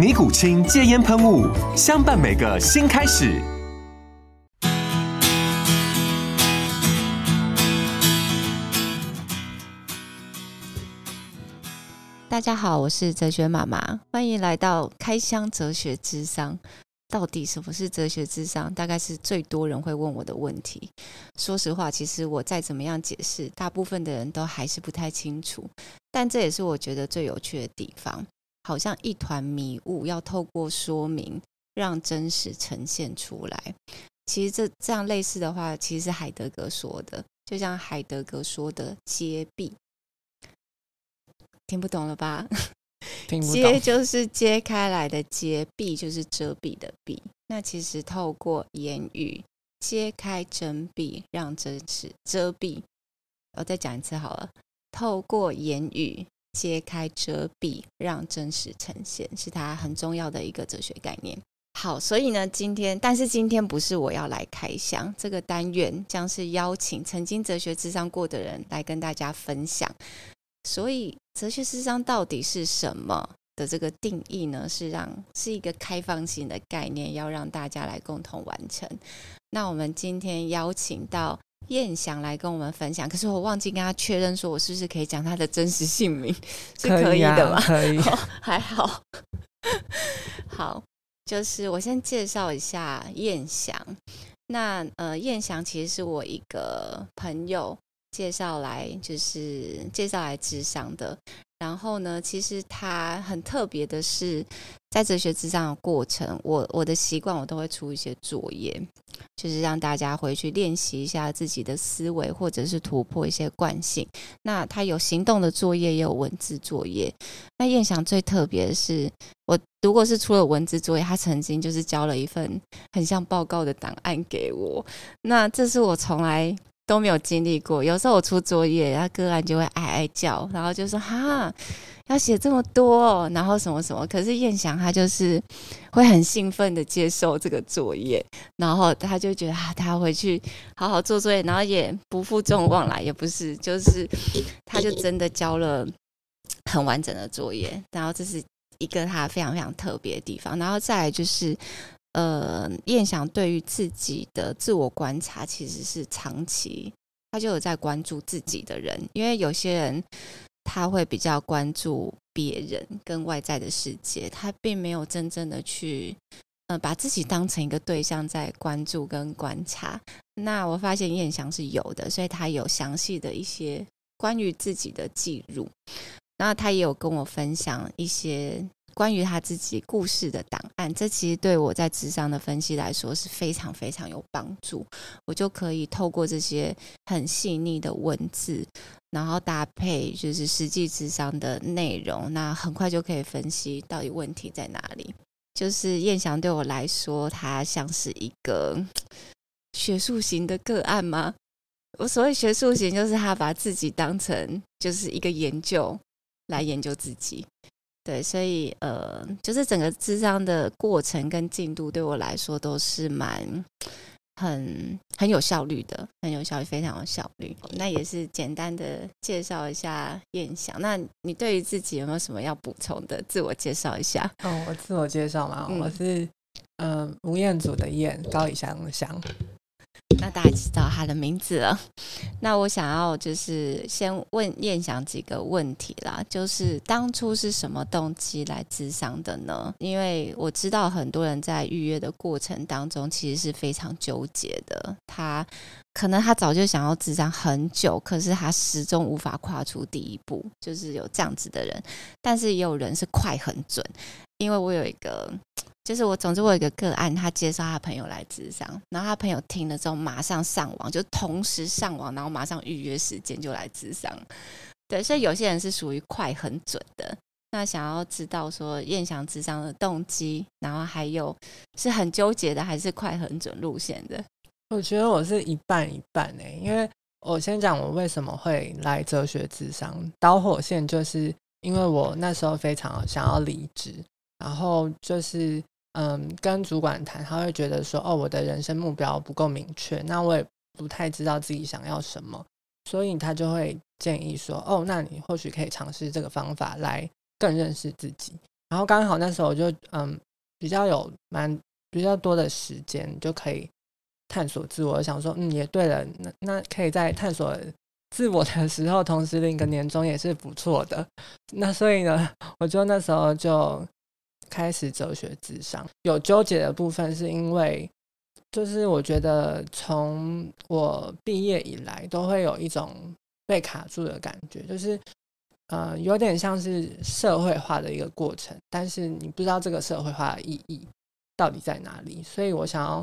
尼古清戒煙噴霧，相伴每個新開始。大家好，我是哲學媽媽，歡迎來到開箱哲學諮商。到底什麼是哲學諮商？大概是最多人會問我的問題。說實話，其實我再怎麼樣解釋，大部分的人都還是不太清楚。但這也是我覺得最有趣的地方。好像一團迷霧，要透過說明讓真實呈現出來。其實這這樣類似的話，其實是海德格說的，就像海德格說的“揭蔽”，聽不懂了吧？聽不懂。揭就是揭開來的，揭蔽就是遮蔽的蔽。那其實透過言語揭開真蔽，讓真實遮蔽。我再講一次好了，透過言語。揭開遮蔽，讓真實呈現，是它很重要的一個哲學概念。好，所以呢，今天，但是今天不是我要來開箱這個單元，將是邀請曾經哲學諮商過的人來跟大家分享。所以，哲學諮商到底是什麼的這個定義呢？是讓是一個開放性的概念，要讓大家來共同完成。那我們今天邀請到。燕翔來跟我們分享，可是我忘記跟他確認說，我是不是可以講他的真實姓名？是可以的嗎？可以，啊可以。哦，還好。 好，就是我先介紹一下彥翔。那呃，彥翔其實是我一個朋友介紹來，就是介紹來諮商的。然後呢，其實他很特別的是。在哲學諮商的過程，我我的習慣，我都會出一些作業，就是讓大家回去練習一下自己的思維，或者是突破一些慣性。那他有行動的作業，也有文字作業。那彥翔最特別的是，我如果是出了文字作業，他曾經就是交了一份很像報告的檔案給我。那這是我從來。都沒有經歷過。有時候我出作業，他個案就會唉唉叫，然後就說：“哈、啊，要寫這麼多哦，然後什麼什麼。”可是彥翔他就是會很興奮的接受這個作業，然後他就覺得啊，他回去好好做作業，然後也不負眾望啦，也不是，就是他就真的交了很完整的作業。然後這是一個他非常非常特別的地方。然後再來就是。呃，彥翔對於自己的自我觀察其實是長期，他就有在關注自己的人。因為有些人他會比較關注別人跟外在的世界，他並沒有真正的去呃把自己當成一個對象在關注跟觀察。那我發現彥翔是有的，所以他有詳細的一些關於自己的記錄。然後他也有跟我分享一些。關於他自己故事的檔案，這其實對我在諮商的分析來說是非常非常有幫助。我就可以透過這些很細膩的文字，然後搭配就是實際諮商的內容，那很快就可以分析到底問題在哪裡。就是彥翔對我來說，他像是一個學術型的個案嗎？我所謂學術型，就是他把自己當成就是一個研究來研究自己。對，所以呃，就是整個諮商的過程跟進度，對我來說都是蠻很很有效率的，很有效率，非常有效率。那也是簡單的介紹一下彥翔。那你對於自己有沒有什麼要補充的？自我介紹一下。哦，我自我介紹嘛、嗯，我是呃吳彥祖的彥，高以翔的翔。那大家知道他的名字了。那我想要就是先問彥翔幾個問題啦，就是當初是什麼動機來諮商的呢？因為我知道很多人在預約的過程當中，其實是非常糾結的。他可能他早就想要諮商很久，可是他始終無法跨出第一步，就是有這樣子的人。但是也有人是快很準。因為我有一個，就是我總之我有一個個案，他介紹他朋友來諮商，然後他的朋友聽了之後馬上上網，就同時上網，然後馬上預約時間就來諮商。對，所以有些人是屬於快很準的。那想要知道說彥翔諮商的動機，然後還有是很糾結的，還是快很準路線的？我覺得我是一半一半呢、欸，因為我先講我為什麼會來哲學諮商導火線，就是因為我那時候非常想要離職。然後就是，嗯，跟主管談，他會覺得說，哦，我的人生目標不夠明確，那我也不太知道自己想要什麼，所以他就會建議說，哦，那你或許可以嘗試這個方法來更認識自己。然後剛好那時候我就，嗯，比較有蠻比較多的時間，就可以探索自我。想說，嗯，也對了，那那可以在探索自我的時候，同時領個年終也是不錯的。那所以呢，我就那時候就。開始哲學諮商，有糾結的部分，是因為就是我覺得從我畢業以來，都會有一種被卡住的感覺，就是呃有點像是社會化的一個過程，但是你不知道這個社會化的意義到底在哪裡，所以我想要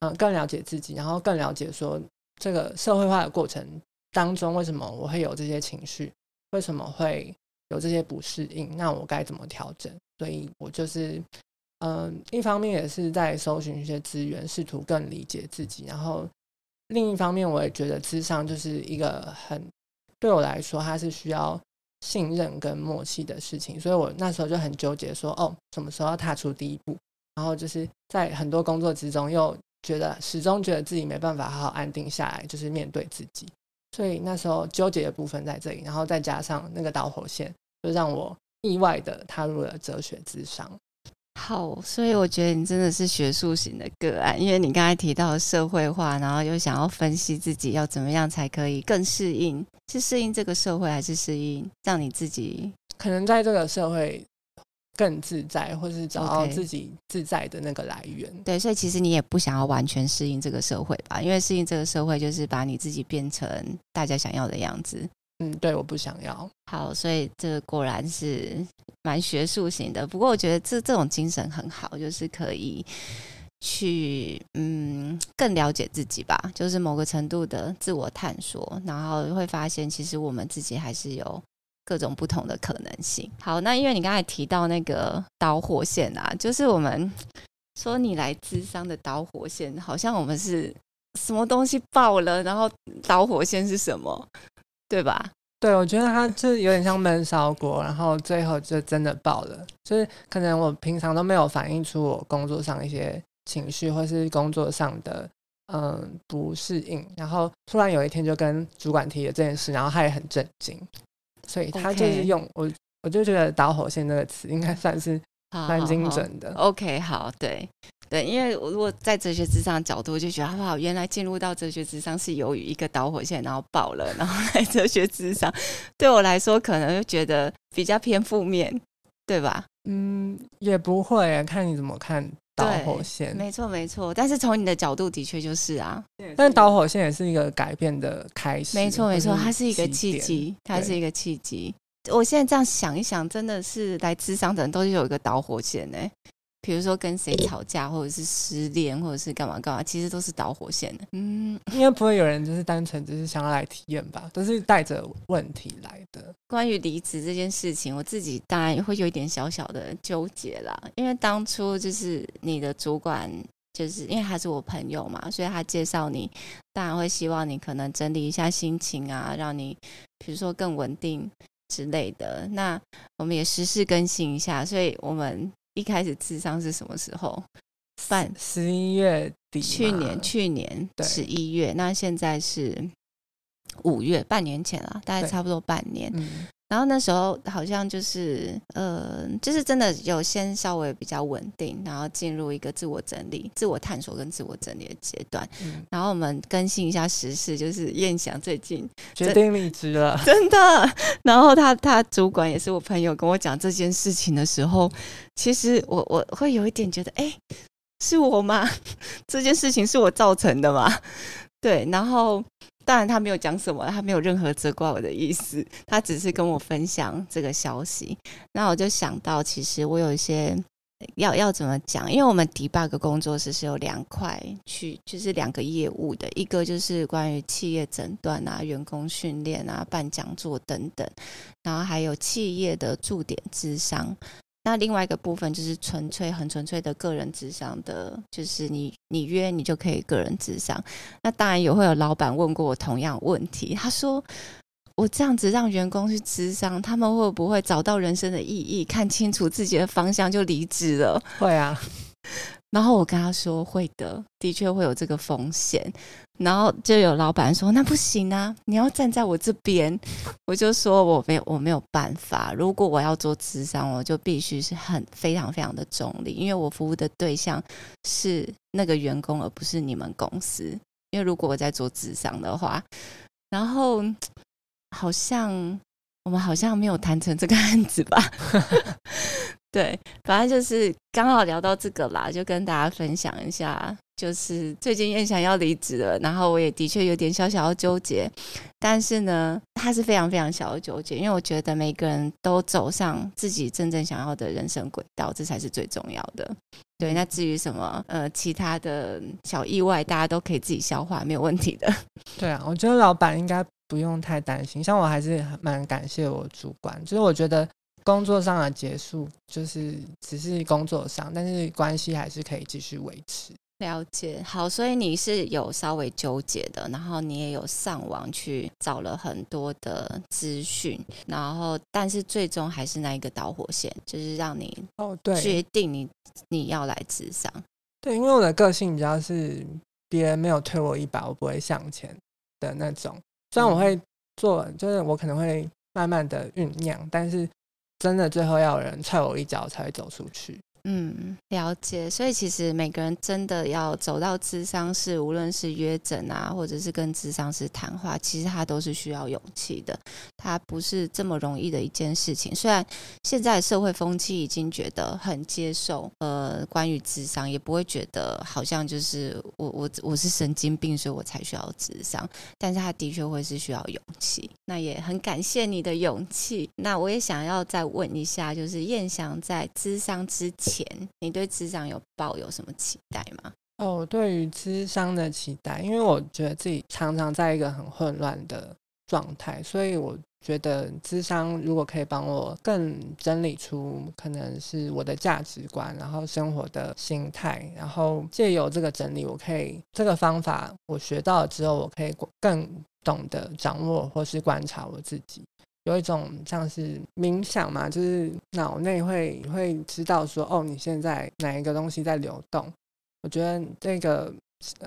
嗯、呃、更了解自己，然後更了解說這個社會化的過程當中，為什麼我會有這些情緒，為什麼會有這些不適應，那我該怎麼調整？所以，我就是，嗯，一方面也是在搜尋一些資源，試圖更理解自己；然後，另一方面，我也覺得，諮商就是一個很，對我來說，它是需要信任跟默契的事情。所以，我那時候就很糾結，說，哦，什麼時候要踏出第一步？然後，就是在很多工作之中，又覺得始終覺得自己沒辦法好好安定下來，就是面對自己。所以，那時候糾結的部分在這裡，然後再加上那個導火線，就讓我。意外的踏入了哲學諮商。好，所以我覺得你真的是學術型的個案，因為你剛才提到社會化，然後又想要分析自己要怎麼樣才可以更適應，是適應這個社會，還是適應讓你自己可能在這個社會更自在，或是找到自己自在的那個來源？Okay. 對，所以其實你也不想要完全適應這個社會吧，因為適應這個社會就是把你自己變成大家想要的樣子。嗯，對，我不想要。好，所以這果然是蠻學術型的。不過我覺得這這種精神很好，就是可以去嗯更了解自己吧，就是某個程度的自我探索，然後會發現其實我們自己還是有各種不同的可能性。好，那因為你剛才提到那個導火線啊，就是我們說你來諮商的導火線，好像我們是什麼東西爆了，然後導火線是什麼？對吧？對，我覺得他就是有點像悶燒鍋，然後最後就真的爆了。就是可能我平常都沒有反映出我工作上一些情緒，或是工作上的嗯不適應，然後突然有一天就跟主管提了這件事，然後他也很震驚，所以他就是用、okay. 我，我就覺得導火線這個詞應該算是蠻精準的。好好好 OK，好，對。對，因為我如果在哲學諮商的角度就覺得，哇，原來進入到哲學諮商是由於一個導火線，然後爆了，然後來哲學諮商，對我來說可能就覺得比較偏負面，對吧？嗯，也不會，看你怎麼看導火線。沒錯，沒錯。但是從你的角度，的確就是啊。但導火線也是一個改變的開始。沒錯，沒錯，它是一個契機，它是一個契機。我現在這樣想一想，真的是來諮商的人都是有一個導火線呢。比如說跟誰吵架，或者是失戀，或者是幹嘛幹嘛，其實都是導火線的。嗯，應該不會有人就是單純就是想要來體驗吧，都是帶着問題來的。關於離職這件事情，我自己當然也會有一點小小的糾結啦。因為當初就是你的主管，就是因為他是我朋友嘛，所以他介紹你，當然會希望你可能整理一下心情啊，讓你比如說更穩定之類的。那我們也實時更新一下，所以我們。一開始諮商是什麼時候？半十一月底，去年去年十一月對，那現在是五月，半年前了，大概差不多半年。然後那時候好像就是，呃，就是真的有先稍微比較穩定，然後進入一個自我整理、自我探索跟自我整理的階段。嗯、然後我們更新一下時事，就是彥翔最近決定離職了，真的。然後他他主管也是我朋友，跟我講這件事情的時候，其實我我會有一點覺得，哎，是我嗎？這件事情是我造成的嗎？對，然後。當然，他沒有講什麼，他沒有任何責怪我的意思，他只是跟我分享這個消息。那我就想到，其實我有一些要要怎麼講，因為我們 Debug 工作室是有兩塊去，就是兩個業務的，一個就是關於企業診斷啊、員工訓練啊、辦講座等等，然後還有企業的駐點諮商。那另外一個部分就是純粹、很純粹的個人諮商的，就是你、你約你就可以個人諮商。那當然也會有老闆問過我同樣問題，他說：“我這樣子讓員工去諮商，他們會不會找到人生的意義，看清楚自己的方向就離職了？”會啊。 然後我跟他說會的，的確會有這個風險。然後就有老闆說，那不行啊，你要站在我這邊。我就說我沒有我沒有辦法。如果我要做諮商，我就必須是很非常非常的中立，因為我服務的對象是那個員工，而不是你們公司。因為如果我在做諮商的話，然後好像我們好像沒有談成這個案子吧。 對，反正就是剛好聊到這個啦，就跟大家分享一下，就是最近彥翔要離職了，然後我也的確有點小小的糾結，但是呢，他是非常非常小的糾結，因為我覺得每個人都走上自己真正想要的人生軌道，這才是最重要的。對，那至於什麼呃其他的小意外，大家都可以自己消化，沒有問題的。對啊，我覺得老板應該不用太擔心，像我還是蠻感謝我主管，就是我覺得。工作上的結束就是只是工作上，但是關係還是可以繼續維持。了解，好，所以你是有稍微糾結的，然後你也有上網去找了很多的資訊，然後但是最終還是那一個導火線，就是讓你哦對決定你、哦、你，你要來諮商對，因為我的個性比較是別人沒有推我一把，我不會向前的那種。雖然我會做，嗯、就是我可能會慢慢的醞釀，但是。真的，最後要有人踹我一腳才走出去。嗯，了解。所以其實每個人真的要走到諮商室，無論是約診啊，或者是跟諮商師談話，其實他都是需要勇氣的。他不是這麼容易的一件事情。雖然現在社會風氣已經覺得很接受，呃，關於諮商也不會覺得好像就是我我我是神經病，所以我才需要諮商。但是他的確會是需要勇氣。那也很感謝你的勇氣。那我也想要再問一下，就是彥翔在諮商之你對諮商有抱有什麼期待嗎？哦，對於諮商的期待，因為我覺得自己常常在一個很混亂的狀態，所以我覺得諮商如果可以幫我更整理出可能是我的價值觀，然後生活的心態，然後借由這個整理，我可以這個方法我學到了之後，我可以更懂得掌握或是觀察我自己。有一種像是冥想嘛，就是腦內會會知道說，哦，你現在哪一個東西在流動？我覺得這，那個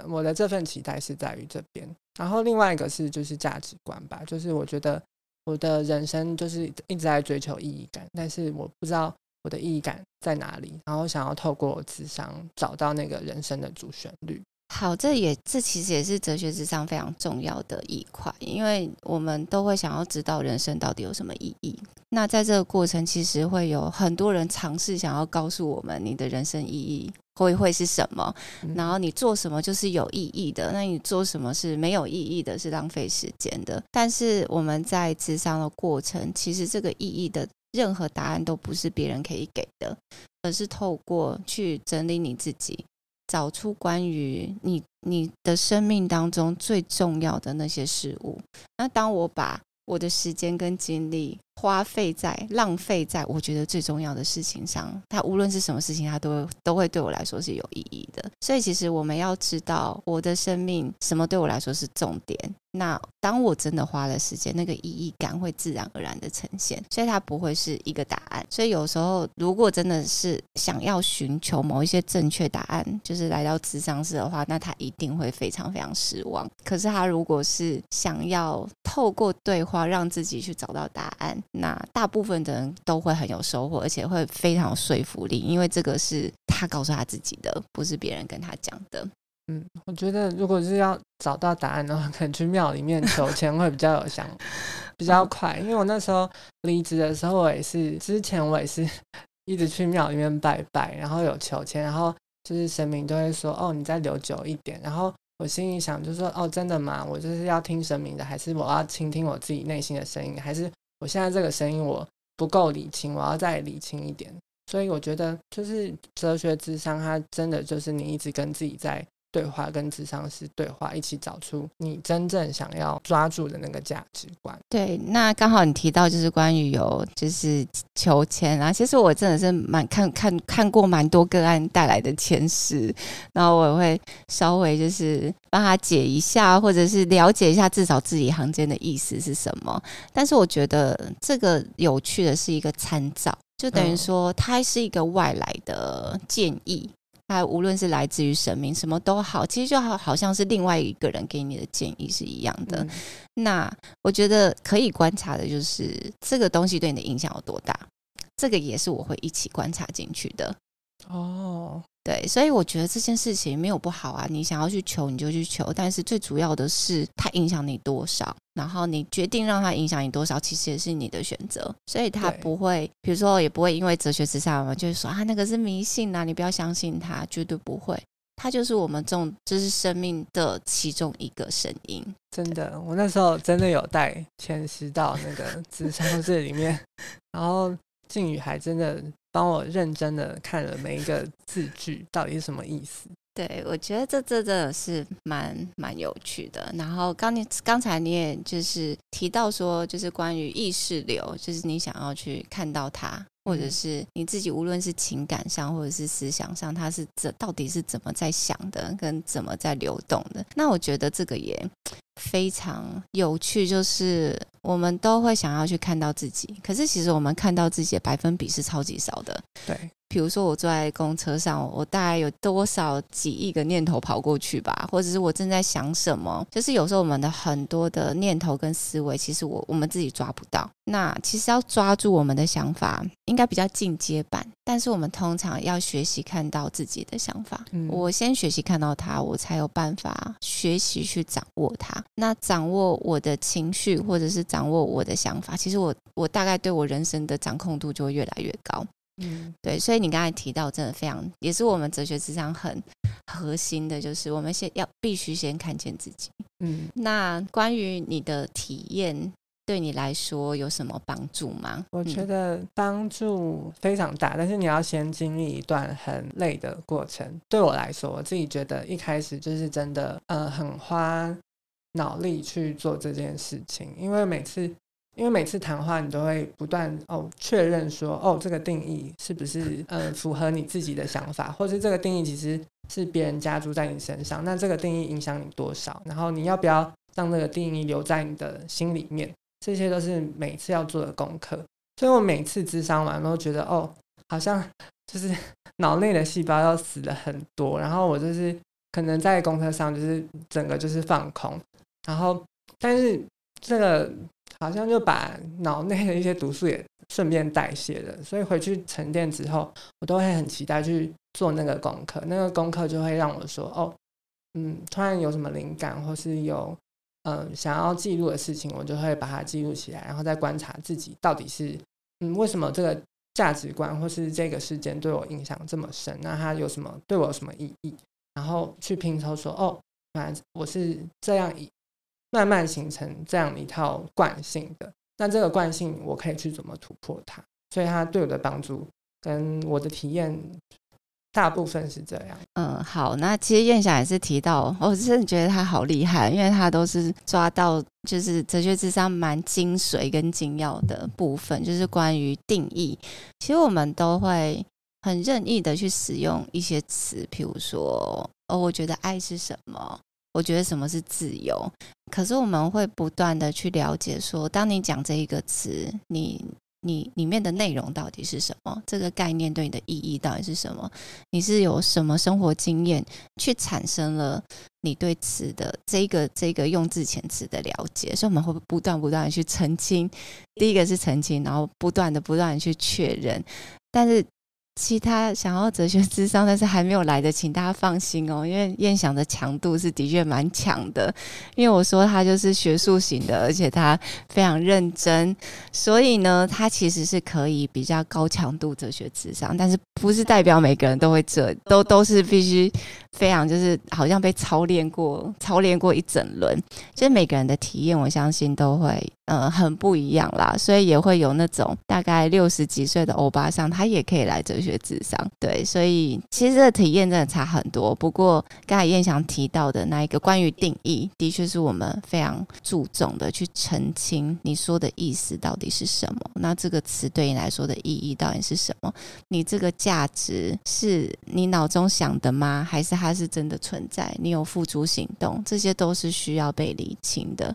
我的這份期待是在於這邊。然後另外一個是就是價值觀吧，就是我覺得我的人生就是一直在追求意義感，但是我不知道我的意義感在哪裡，然後想要透過我諮商，找到那個人生的主旋律。好，這也這其實也是哲學諮商非常重要的一塊，因為我們都會想要知道人生到底有什麼意義。那在這個過程，其實會有很多人嘗試想要告訴我們，你的人生意義會會是什麼，然後你做什麼就是有意義的，那你做什麼是沒有意義的，是浪費時間的。但是我們在諮商的過程，其實這個意義的任何答案都不是別人可以給的，而是透過去整理你自己。找出關於你，你的生命當中最重要的那些事物。那當我把我的時間跟精力。花費在浪費在我覺得最重要的事情上，它無論是什麼事情，它都都會對我來說是有意義的。所以，其實我們要知道，我的生命什麼對我來說是重點。那當我真的花了時間，那個意義感會自然而然的呈現。所以，它不會是一個答案。所以，有時候如果真的是想要尋求某一些正確答案，就是來到諮商室的話，那他一定會非常非常失望。可是，他如果是想要透過對話讓自己去找到答案，那大部分的人都會很有收穫，而且會非常有說服力，因為這個是他告訴他自己的，不是別人跟他講的。嗯，我覺得如果是要找到答案的話，可能去廟裡面求籤會比較有想， 比較快。因為我那時候離職的時候，我也是之前我也是一直去廟裡面拜拜，然後有求籤，然後就是神明都會說：“哦，你再留久一點。”然後我心裡想，就說：“哦，真的嗎？我就是要聽神明的，還是我要傾聽我自己內心的聲音，還是？”我現在這個聲音我不夠理清，我要再理清一點。所以我覺得，就是哲學諮商，它真的就是你一直跟自己在對話跟諮商師對話，一起找出你真正想要抓住的那個價值觀。對，那剛好你提到就是關於有就是求籤啊，其實我真的是蠻看看看過蠻多個案帶來的籤詩，然後我也會稍微就是幫他解一下，或者是了解一下至少字裡行間的意思是什麼。但是我覺得這個有趣的是一個參照，就等於說它是一個外來的建議。嗯還、啊，無論是來自於神明什麼都好，其實就好好像是另外一個人給你的建議是一樣的。嗯、那我覺得可以觀察的就是這個東西對你的影響有多大，這個也是我會一起觀察進去的。哦。對，所以我覺得這件事情沒有不好啊，你想要去求你就去求，但是最主要的是它影響你多少，然後你決定讓它影響你多少，其實也是你的選擇。所以他不會，比如說也不會因為哲學諮商嘛，就是說啊那個是迷信吶、啊，你不要相信它，絕對不會。它就是我們這種，這、就是生命的其中一個聲音。真的，我那時候真的有帶籤詩到那個諮商室裡面， 然後靜宇還真的。幫我認真的看了每一個字句，到底是什麼意思？ 對，我覺得這這真的是蠻蠻有趣的。然後剛你剛才你也就是提到說，就是關於意識流，就是你想要去看到它，或者是你自己無論是情感上或者是思想上，它是這到底是怎麼在想的，跟怎麼在流動的。那我覺得這個也。非常有趣，就是我們都會想要去看到自己，可是其實我們看到自己的百分比是超級少的。對，比如說我坐在公車上，我大概有多少幾億個念頭跑過去吧，或者是我正在想什麼，就是有時候我們的很多的念頭跟思維，其實我我們自己抓不到。那其實要抓住我們的想法，應該比較進階版。但是我們通常要學習看到自己的想法，嗯。我先學習看到它，我才有辦法學習去掌握它。那掌握我的情緒，或者是掌握我的想法，其實我我大概對我人生的掌控度就會越來越高。嗯，對。所以你剛才提到，真的非常，也是我們哲學諮商很核心的，就是我們先要必須先看見自己。嗯，那關於你的體驗。對你來說有什麼幫助嗎？我覺得幫助非常大，但是你要先經歷一段很累的過程。對我來說，我自己覺得一開始就是真的，呃，很花腦力去做這件事情。因為每次，因為每次談話，你都會不斷哦確認說，哦，這個定義是不是呃符合你自己的想法，或是這個定義其實是別人加注在你身上？那這個定義影響你多少？然後你要不要讓這個定義留在你的心裡面？這些都是每次要做的功課，所以我每次諮商完都覺得哦，好像就是腦內的細胞要死了很多，然後我就是可能在功課上就是整個就是放空，然後但是這個好像就把腦內的一些毒素也順便代謝了，所以回去沉澱之後，我都會很期待去做那個功課，那個功課就會讓我說哦，嗯，突然有什麼靈感或是有。嗯、呃，想要記錄的事情，我就會把它記錄起來，然後再觀察自己到底是嗯，為什麼這個價值觀或是這個事件對我印象這麼深？那它有什麼對我有什麼意義？然後去拼湊說，哦，那我是這樣一慢慢形成這樣一套慣性的。那這個慣性，我可以去怎麼突破它？所以它對我的幫助跟我的體驗。大部分是這樣。嗯，好，那其實彥翔也是提到，我真的覺得他好厲害，因為他都是抓到，就是哲學諮商蠻精髓跟精要的部分，就是關於定義。其實我們都會很任意的去使用一些詞，譬如說，哦，我覺得愛是什麼？我覺得什麼是自由？可是我們會不斷的去了解說，說當你講這一個詞，你。你裡面的內容到底是什麼？這個概念對你的意義到底是什麼？你是有什麼生活經驗去產生了你對此的這個這個用字遣詞的了解？所以我們會不斷不斷的去澄清，第一個是澄清，然後不斷的不斷的去確認，但是。其他想要哲學諮商但是還沒有來的，請大家放心哦，因為彥翔的強度是的確蠻強的，因為我說他就是學術型的，而且他非常認真，所以呢，他其實是可以比較高強度哲學諮商，但是不是代表每個人都會這，都都是必須。非常就是好像被操練過，操練過一整輪，其實每個人的體驗我相信都會，嗯、呃，很不一樣啦。所以也會有那種大概六十幾歲的歐巴桑，他也可以來哲學諮商。對，所以其實這體驗真的差很多。不過剛才彥翔提到的那一個關於定義，的確是我們非常注重的去澄清，你說的意思到底是什麼？那這個詞對你來說的意義到底是什麼？你這個價值是你腦中想的嗎？還是還是它是真的存在，你有付出行動，這些都是需要被理清的。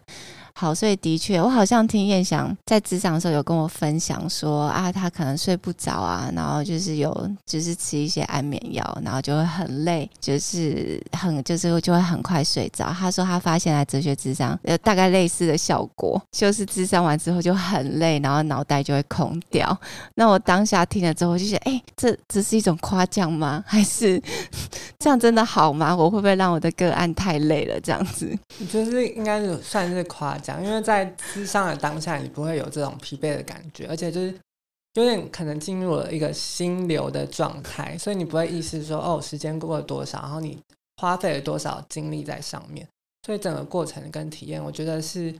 好，所以的確，我好像聽彥翔在諮商的時候有跟我分享說啊，他可能睡不着啊，然後就是有就是吃一些安眠藥，然後就會很累，就是很就是就會很快睡着。他說他發現了哲學諮商，有大概類似的效果，就是諮商完之後就很累，然後腦袋就會空掉。那我當下聽了之後就想，就覺得哎，這這是一種誇獎嗎？還是這樣真的好嗎？我會不會讓我的個案太累了？這樣子，就是應該算是誇獎。因為在諮商的當下，你不會有這種疲憊的感覺，而且就是有點可能進入了一個心流的狀態，所以你不會意識說哦，時間過了多少，然後你花費了多少精力在上面。所以整個過程跟體驗，我覺得是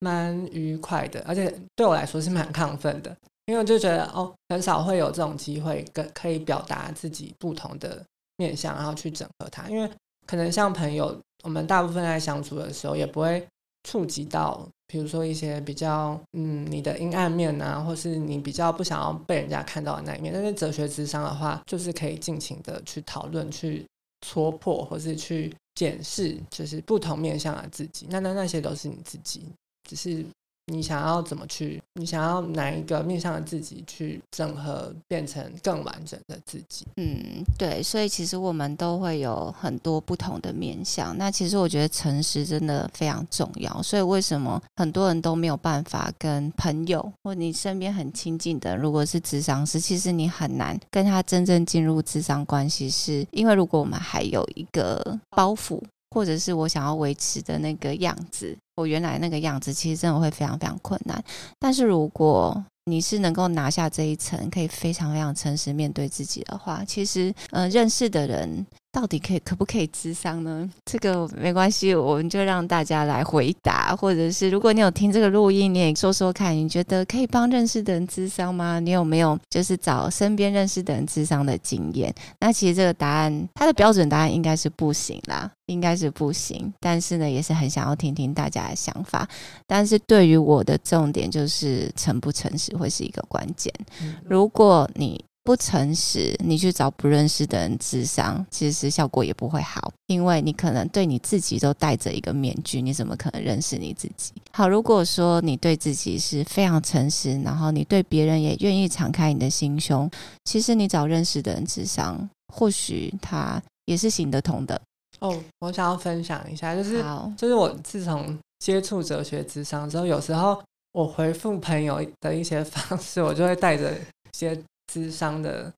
蠻愉快的，而且對我來說是蠻亢奮的，因為我就覺得哦，很少會有這種機會跟可以表達自己不同的面向，然後去整合它。因為可能像朋友，我們大部分在相處的時候也不會。觸及到，比如說一些比較，嗯，你的陰暗面吶、啊，或是你比較不想要被人家看到的那一面。但是哲學諮商的話，就是可以盡情的去討論、去戳破，或是去檢視，就是不同面向的自己。那那那些都是你自己，只是。你想要怎麼去？你想要哪一個面向的自己去整合，變成更完整的自己？嗯，對。所以其實我們都會有很多不同的面向。那其實我覺得誠實真的非常重要。所以為什麼很多人都沒有辦法跟朋友或你身邊很親近的人，如果是諮商師，其實你很難跟他真正進入諮商關係，是因為如果我們還有一個包袱。或者是我想要維持的那個樣子，我原來那個樣子，其實真的會非常非常困難。但是如果你是能夠拿下這一層，可以非常非常誠實面對自己的話，其實嗯、呃，認識的人，到底可以可不可以諮商呢？這個沒關係，我們就讓大家來回答，或者是如果你有聽這個錄音，你也說說看，你覺得可以幫認識的人諮商嗎？你有沒有就是找身邊認識的人諮商的經驗？那其實這個答案，它的標準答案應該是不行啦，應該是不行。但是呢，也是很想要聽聽大家的想法。但是對於我的重點，就是誠不誠實會是一個關鍵。嗯。如果你不誠實，你去找不認識的人諮商，其實效果也不會好，因為你可能對你自己都戴着一個面具，你怎麼可能認識你自己？好，如果說你對自己是非常誠實，然後你對別人也願意敞開你的心胸，其實你找認識的人諮商，或許他也是行得通的。哦、oh,，我想要分享一下，就是，好，就是我自從接觸哲學諮商之後，有時候我回復朋友的一些方式，我就會帶着一些。諮商的，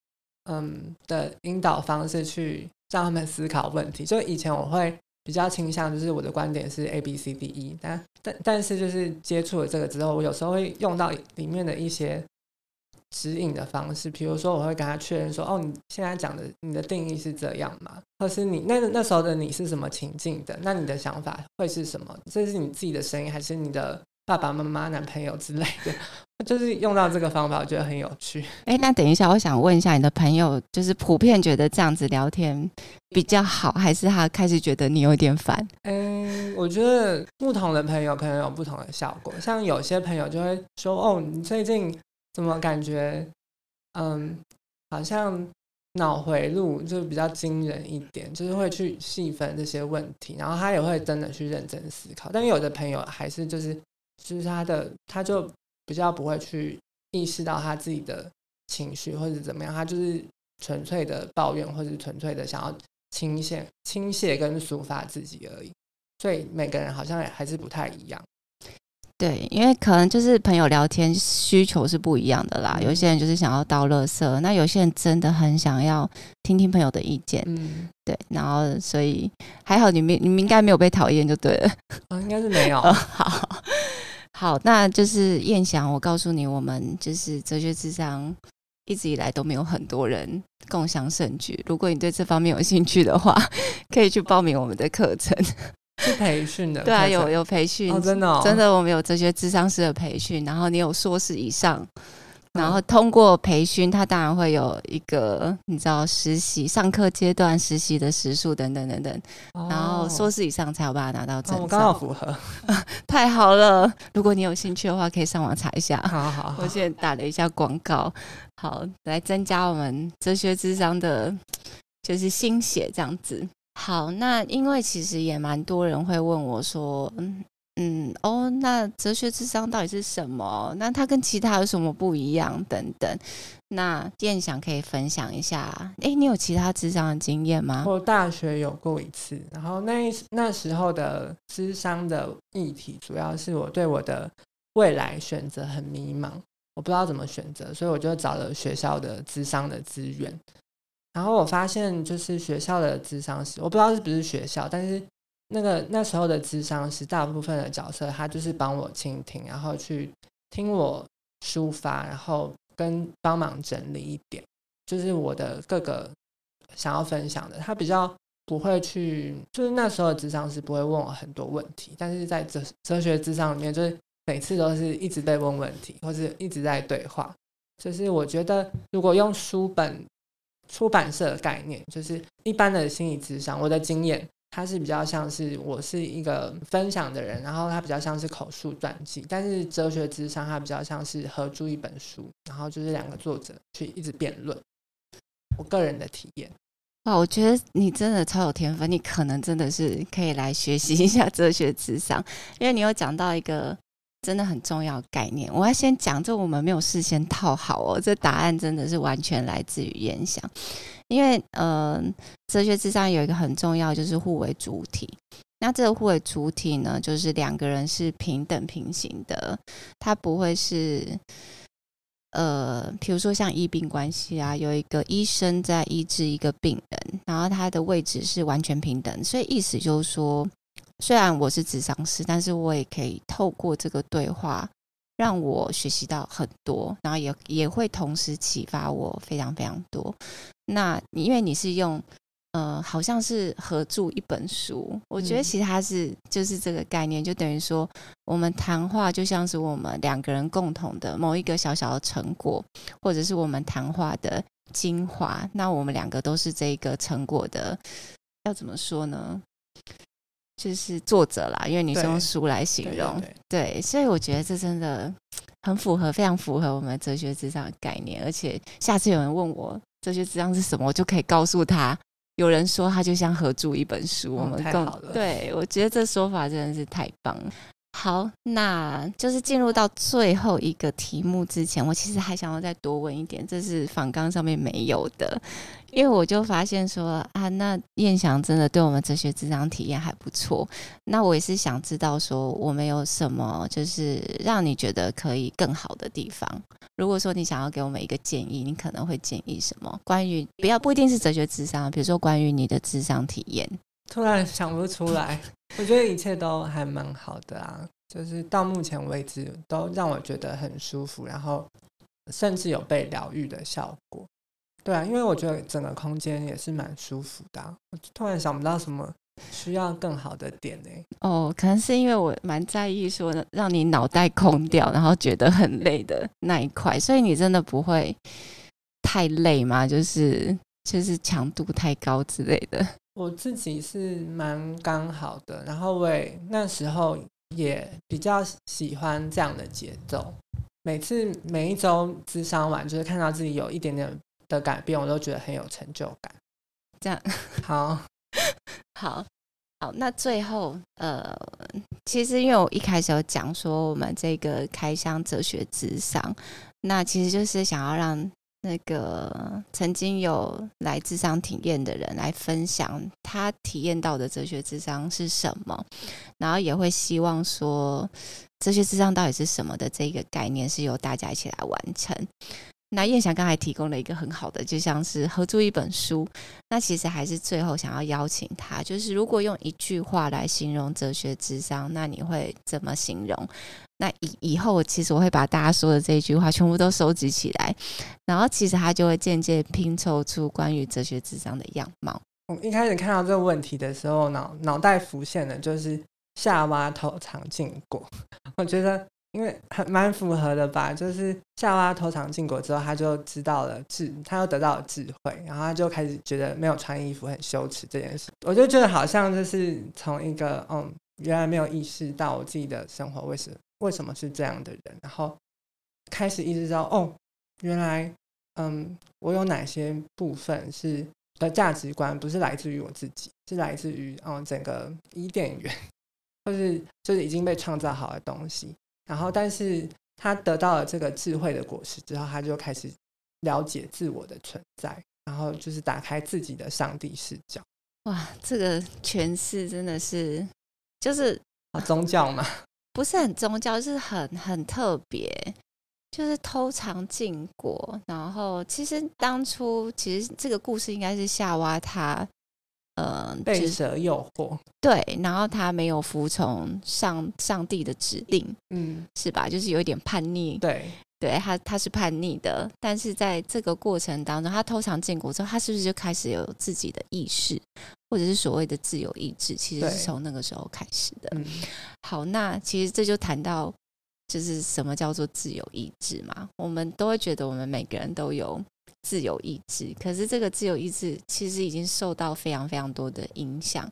嗯的引導方式去讓他們思考問題。就以前我會比較傾向，就是我的觀點是 A B C D E，但但但是就是接觸了這個之後，我有時候會用到裡面的一些指引的方式。比如說，我會跟他確認說：“哦，你現在講的你的定義是這樣嗎？或是你那那時候的你是什麼情境的？那你的想法會是什麼？這是你自己的聲音，還是你的爸爸媽媽、男朋友之類的？” 就是用到這個方法，我覺得很有趣。欸，哎，那等一下，我想問一下你的朋友，就是普遍覺得這樣子聊天比較好，還是他開始覺得你有點煩？嗯，欸，我覺得不同的朋友可能有不同的效果。像有些朋友就會說：“哦，你最近怎麼感覺？嗯，好像腦回路就比較驚人一點，就是會去細分這些問題，然後他也會真的去認真思考。但有的朋友還是就是，就是他的他就。”比較不會去意識到他自己的情緒或者怎麼樣，他就是純粹的抱怨或者純粹的想要傾瀉傾瀉跟抒發自己而已。所以每個人好像也還是不太一樣。對，因為可能就是朋友聊天需求是不一樣的啦。有些人就是想要倒垃圾，那有些人真的很想要聽聽朋友的意見。嗯，對。然後所以還好你，你們你們應該沒有被討厭就對了。啊，應該是沒有。 呃、好。好，那就是彥翔。我告訴你，我們就是哲學諮商一直以來都沒有很多人共享盛舉。如果你對這方面有興趣的話，可以去報名我們的課程，哦，是培訓的培訓。對啊，有有培訓，哦，真的，哦、真的，我們有哲學諮商師的培訓。然後你有碩士以上。然後通過培訓，他當然會有一個你知道實習上課階段實習的時數等等等等。然後碩士以上才有辦法拿到證、哦哦。我剛好符合、啊，太好了！如果你有興趣的話，可以上網查一下。好好好，我現在打了一下廣告，好來增加我們哲學諮商的，就是心血這樣子。好，那因為其實也蠻多人會問我說，嗯。嗯哦，那哲學諮商到底是什麼？那它跟其他有什麼不一樣？等等，那彥翔可以分享一下。誒、欸，你有其他諮商的經驗嗎？我大學有過一次，然後那一那時候的諮商的議題，主要是我對我的未來選擇很迷茫，我不知道怎麼選擇，所以我就找了學校的諮商的資源，然後我發現就是學校的諮商是我不知道是不是學校，但是。那個那時候的諮商師，大部分的角色，他就是幫我傾聽，然後去聽我抒發，然後跟幫忙整理一點，就是我的各個想要分享的。他比較不會去，就是那時候的諮商師不會問我很多問題，但是在哲哲學諮商裡面，就是每次都是一直被問問題，或是一直在對話。就是我覺得，如果用書本出版社的概念，就是一般的心理諮商，我的經驗。他是比較像是我是一個分享的人，然後他比較像是口述傳記，但是哲學諮商他比較像是合著一本書，然後就是兩個作者去一直辯論。我個人的體驗，哇、哦，我覺得你真的超有天分，你可能真的是可以來學習一下哲學諮商，因為你有講到一個。真的很重要的概念，我要先講這，我們沒有事先套好哦，這答案真的是完全來自於聯想，因為嗯、呃，哲學諮商有一個很重要就是互為主體，那這個互為主體呢，就是兩個人是平等平行的，他不會是呃，比如說像醫病關係啊，有一個醫生在醫治一個病人，然後他的位置是完全平等，所以意思就是說。雖然我是諮商師，但是我也可以透過這個對話，讓我學習到很多，然後也也會同時啟發我非常非常多。那你因為你是用呃，好像是合著一本書，我覺得其實它是就是這個概念，就等於說我們談話就像是我們兩個人共同的某一個小小的成果，或者是我們談話的精華。那我們兩個都是這一個成果的，要怎麼說呢？就是作者啦，因為你是用書來形容，對，對，對，對，對，所以我覺得這真的很符合，非常符合我們哲學諮商的概念。而且下次有人問我哲學諮商是什麼，我就可以告訴他，有人說他就像合著一本書，我們更、嗯、太好了。對，我覺得這說法真的是太棒了。好，那就是進入到最後一個題目之前，我其實還想要再多問一點，這是訪綱上面沒有的，因為我就發現說啊，那彥翔真的對我們哲學諮商體驗還不錯，那我也是想知道說我們有什麼就是讓你覺得可以更好的地方。如果說你想要給我們一個建議，你可能會建議什麼？關於不要，不一定是哲學諮商，比如說關於你的諮商體驗。突然想不出來，我覺得一切都還蠻好的啊，就是到目前為止都讓我覺得很舒服，然後甚至有被療癒的效果。對啊，因為我覺得整個空間也是蠻舒服的啊，我突然想不到什麼需要更好的點呢。哦，可能是因為我蠻在意說讓你腦袋空掉，然後覺得很累的那一塊，所以你真的不會太累嗎？就是。就是強度太高之類的，我自己是蠻剛好的，然後我那時候也比較喜歡這樣的節奏。每次每一周諮商完，就是看到自己有一點點的改變，我都覺得很有成就感。這樣好， 好好好，那最後呃，其實因為我一開始有講說，我們這個開箱哲學諮商，那其實就是想要讓。那個曾經有來諮商體驗的人來分享他體驗到的哲學諮商是什麼，然後也會希望說哲學諮商到底是什麼的這個概念是由大家一起來完成。那彥翔剛才提供了一個很好的，就像是合著一本書。那其實還是最後想要邀請他，就是如果用一句話來形容哲學諮商，那你會怎麼形容？那以以後，我其實我會把大家說的這一句話全部都收集起來，然後其實他就會漸漸拼湊出關於哲學諮商的樣貌。我一開始看到這個問題的時候，腦腦袋浮現的就是夏娃偷嘗禁果。 我覺得因為還蠻符合的吧，就是夏娃偷嘗禁果之後，他就知道了智，他又得到了智慧，然後他就開始覺得沒有穿衣服很羞恥這件事。我就覺得好像就是從一個嗯、哦，原來沒有意識到我自己的生活為什麼。為什麼是這樣的人？然後開始意識到，哦，原來，嗯，我有哪些部分是的價值觀不是來自於我自己，是來自於，嗯，整個伊甸園，或是就是已經被創造好的東西。然後，但是他得到了這個智慧的果實之後，他就開始了解自我的存在，然後就是打開自己的上帝視角。哇，這個詮釋真的是，就是、啊，宗教嘛。 不是很宗教，就是很很特別，就是偷嘗禁果。然後，其實當初其實這個故事應該是夏娃他，呃，被蛇誘惑，對，然後他沒有服從上上帝的指令，嗯，是吧？就是有一點叛逆，對。對他，他是叛逆的，但是在這個過程當中，他偷嘗禁果之後，他是不是就開始有自己的意識，或者是所謂的自由意志？其實是從那個時候開始的。嗯、好，那其實這就談到就是什麼叫做自由意志嘛？我們都會覺得我們每個人都有。自由意志，可是這個自由意志其實已經受到非常非常多的影響，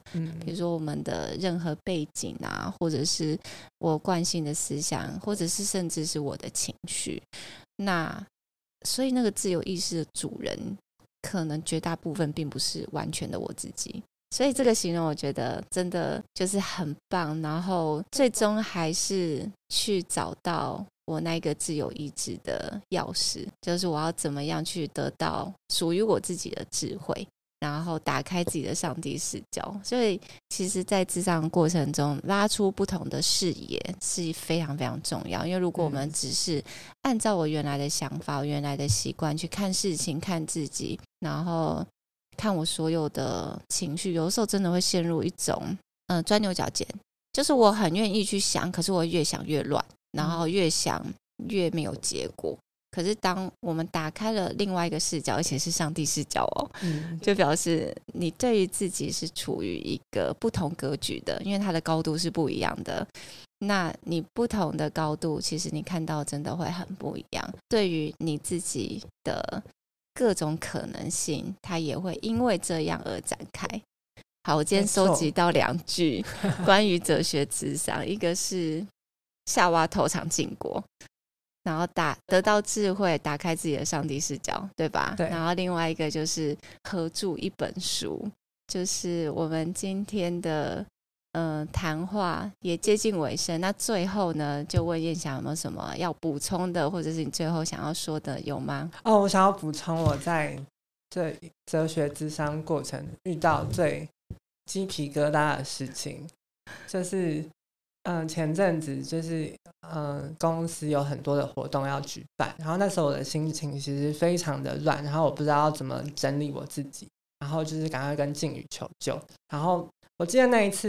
比如說我們的任何背景啊，或者是我慣性的思想，或者是甚至是我的情緒，那所以那個自由意志的主人，可能絕大部分並不是完全的我自己，所以這個形容我覺得真的就是很棒，然後最終還是去找到。我那個自由意志的鑰匙，就是我要怎麼樣去得到屬於我自己的智慧，然後打開自己的上帝視角。所以，其實，在諮商過程中，拉出不同的視野是非常非常重要。因為，如果我們只是按照我原來的想法、我原來的習慣去看事情、看自己，然後看我所有的情緒，有的時候真的會陷入一種嗯、呃、鑽牛角尖。就是我很願意去想，可是我越想越亂。然後越想越沒有結果，可是當我們打開了另外一個視角，而且是上帝視角哦，就表示你對於自己是處於一個不同格局的，因為它的高度是不一樣的。那你不同的高度，其實你看到真的會很不一樣。對於你自己的各種可能性，它也會因為這樣而展開。好，我今天收集到兩句關於哲學諮商，一個是。夏娃偷嘗禁果，然後打得到智慧，打開自己的上帝視角，對吧？對。然後另外一個就是合著一本書，就是我們今天的嗯談、呃、話也接近尾聲。那最後呢，就問彥翔有沒有什麼要補充的，或者是你最後想要說的有嗎？哦，我想要補充我在這哲學諮商過程遇到最雞皮疙瘩的事情，就是。嗯，前陣子就是，嗯，公司有很多的活動要舉辦，然後那時候我的心情其實非常的亂，然後我不知道要怎麼整理我自己，然後就是趕快跟靖宇求救，然後我記得那一次，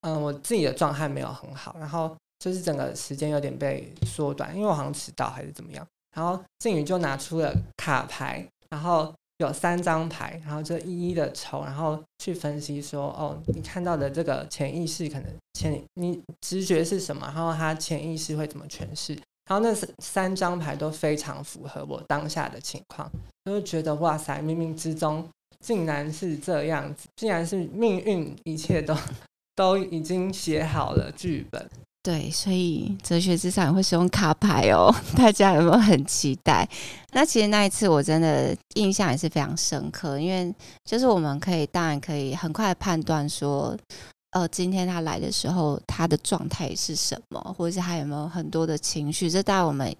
嗯，我自己的狀態沒有很好，然後就是整個時間有點被縮短，因為我好像遲到還是怎麼樣，然後靖宇就拿出了卡牌，然後。有三張牌，然後就一一的抽，然後去分析說：哦，你看到的這個潛意識，可能潛你直覺是什麼，然後他潛意識會怎麼詮釋？然後那三張牌都非常符合我當下的情況，我就覺得哇塞，冥冥之中竟然是這樣子，竟然是命運，一切都都已經寫好了劇本。對，所以哲學諮商也會使用卡牌哦。大家有沒有很期待？那其實那一次我真的印象也是非常深刻，因為就是我們可以當然可以很快判斷說，呃，今天他來的時候他的狀態是什麼，或者是他有沒有很多的情緒，這當我們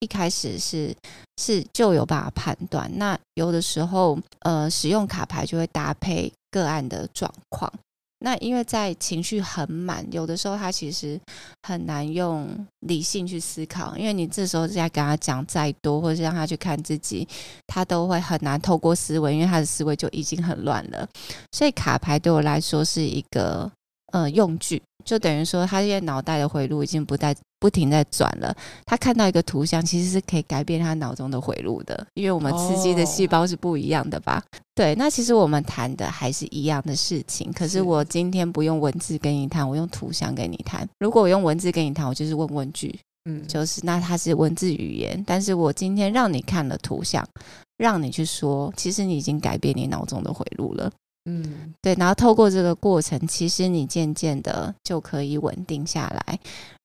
一開始是是就有辦法判斷。那有的時候，呃，使用卡牌就會搭配個案的狀況。那因為在情緒很滿，有的時候他其實很難用理性去思考，因為你這時候再跟他講再多，或是讓他去看自己，他都會很難透過思維，因為他的思維就已經很亂了。所以卡牌對我來說是一個呃用具，就等於說他現在腦袋的回路已經不在不停在轉了，他看到一個圖像，其實是可以改變他腦中的回路的，因為我們刺激的細胞是不一樣的吧？Oh. 對，那其實我們談的還是一樣的事情，可是我今天不用文字跟你談，我用圖像跟你談。如果我用文字跟你談，我就是問問句，嗯，就是那它是文字語言，但是我今天讓你看了圖像，讓你去說，其實你已經改變你腦中的回路了，嗯，對，然後透過這個過程，其實你漸漸的就可以穩定下來。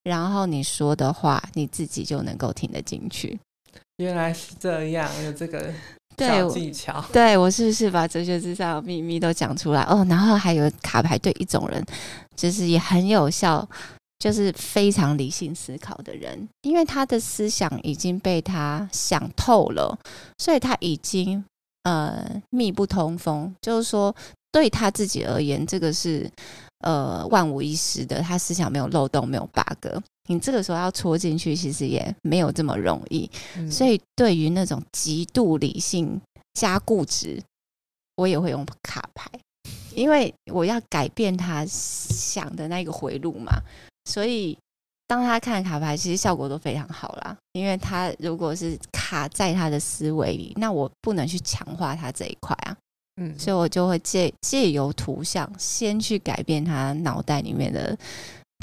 然後你說的話，你自己就能夠聽得進去。原來是這樣，有這個對技巧。對，對我是不是把哲學之上的秘密都講出來？哦、oh，然後還有卡牌對一種人，就是也很有效，就是非常理性思考的人，因為他的思想已經被他想透了，所以他已經呃密不通風，就是說對他自己而言，這個是。呃，萬無一失的，他思想沒有漏洞，沒有 bug。你這個時候要戳進去，其實也沒有這麼容易。所以，對於那種極度理性加固執，我也會用卡牌，因為我要改變他想的那個回路嘛。所以，當他看卡牌，其實效果都非常好啦。因為他如果是卡在他的思維裡，那我不能去強化他這一塊啊。嗯，所以我就會借借由圖像先去改變他腦袋裡面的，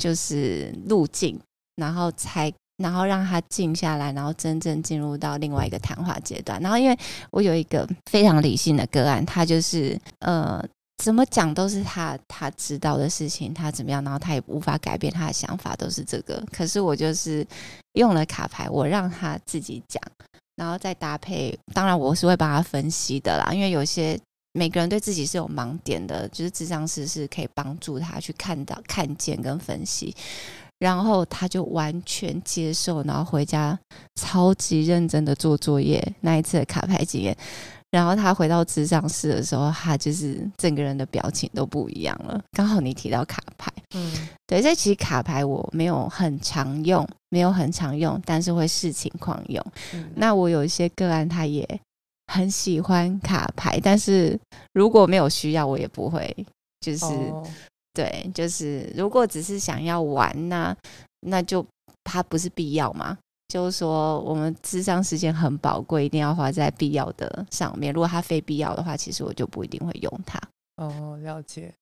就是路徑，然後才然後讓他靜下來，然後真正進入到另外一個談話階段。然後因為我有一個非常理性的個案，他就是呃，怎麼講都是他他知道的事情，他怎麼樣，然後他也無法改變他的想法，都是這個。可是我就是用了卡牌，我讓他自己講，然後再搭配，當然我是會幫他分析的啦，因為有些。每個人對自己是有盲點的，就是諮商師是可以幫助他去看到、看見跟分析，然後他就完全接受，然後回家超級認真的做作業。那一次的卡牌經驗，然後他回到諮商室的時候，他就是整個人的表情都不一樣了。剛好你提到卡牌，嗯，對，這其實卡牌我沒有很常用，沒有很常用，但是會視情況用、嗯。那我有一些個案，他也。很喜歡卡牌，但是如果沒有需要，我也不會。就是，oh. 對，就是如果只是想要玩那，啊，那就它不是必要嘛。就是說，我們諮商時間很寶貴，一定要花在必要的上面。如果它非必要的話，其實我就不一定會用它。哦、oh，了解。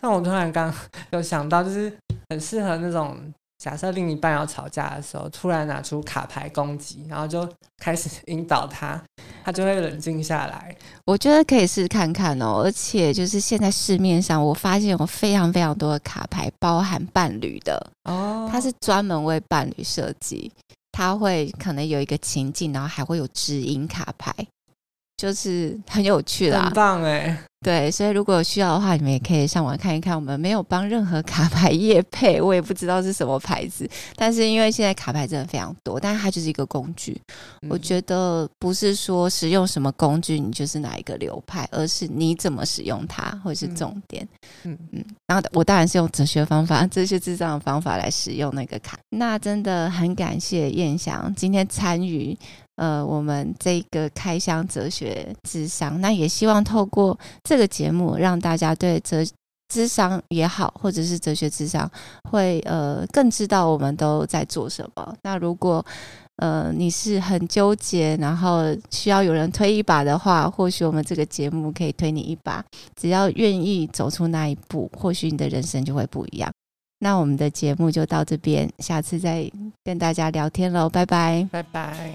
但我突然剛有想到，就是很適合那種。假設另一半要吵架的時候，突然拿出卡牌攻擊，然後就開始引導他，他就會冷靜下來。我覺得可以試試看看哦。而且就是現在市面上，我發現有非常非常多的卡牌包含伴侶的哦，它是專門為伴侶設計，它會可能有一個情境，然後還會有指引卡牌。就是很有趣啦，很棒誒、欸。對，所以如果有需要的話，你們也可以上網看一看。我們沒有幫任何卡牌業配，我也不知道是什麼牌子。但是因為現在卡牌真的非常多，但是它就是一個工具。嗯、我覺得不是說使用什麼工具，你就是哪一個流派，而是你怎麼使用它，或是重點。嗯嗯，然後我當然是用哲學方法、哲學諮商的方法來使用那個卡。那真的很感謝彥翔今天參與。呃，我們這個開箱哲學諮商，那也希望透過這個節目，讓大家對哲諮商也好，或者是哲學諮商，會呃更知道我們都在做什麼。那如果呃你是很糾結，然後需要有人推一把的話，或許我們這個節目可以推你一把。只要願意走出那一步，或許你的人生就會不一樣。那我們的節目就到這邊，下次再跟大家聊天嘍，拜拜，拜拜。